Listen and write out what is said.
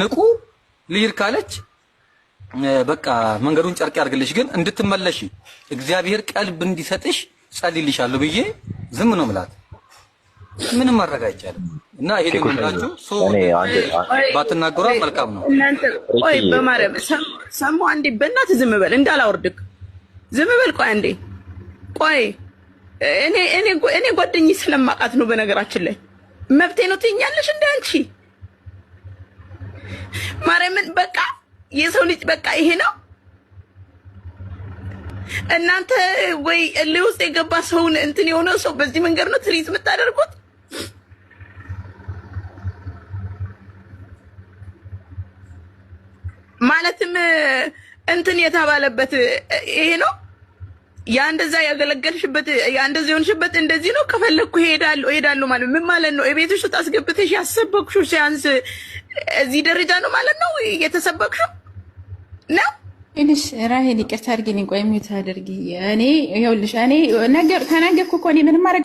ንቁ ልሂድ ካለች በቃ መንገዱን ጨርቅ ያድርግልሽ። ግን እንድትመለሽ እግዚአብሔር ቀልብ እንዲሰጥሽ ጸልይልሻለሁ ብዬ ዝም ነው ምላት። ምንም ማድረግ አይቻልም። እና ይሄ ልምላችሁ ሰው ባትናገሯ መልካም ነው። እናንተ ቆይ በማርያም ሰሙ አንዴ፣ በእናትህ ዝም በል እንዳላወርድክ፣ ዝም በል ቆይ አንዴ፣ ቆይ እኔ እኔ እኔ ጓደኛዬ ስለማውቃት ነው። በነገራችን ላይ መብቴ ነው ትይኛለሽ እንደ አንቺ ማርያምን በቃ የሰው ልጅ በቃ ይሄ ነው። እናንተ ወይ እልህ ውስጥ የገባ ሰውን እንትን የሆነ ሰው በዚህ መንገድ ነው ትርኢት የምታደርጉት። ማለትም እንትን የተባለበት ይሄ ነው። ያ እንደዛ ያገለገልሽበት ያ እንደዚህ የሆንሽበት እንደዚህ ነው። ከፈለግኩ እሄዳለሁ እሄዳለሁ ማለት ምን ማለት ነው? የቤትሽ ውስጥ አስገብተሽ ያሰበክሽው ሲያንስ እዚህ ደረጃ ነው ማለት ነው የተሰበክሽው ነው። ይኸውልሽ ራሄል ይቅርታ አድርጊልኝ። ቆይ ሚዩት አድርጊ። እኔ ይኸውልሽ እኔ ነገር ተናገርኩ እኮ እኔ ምንም አረጋ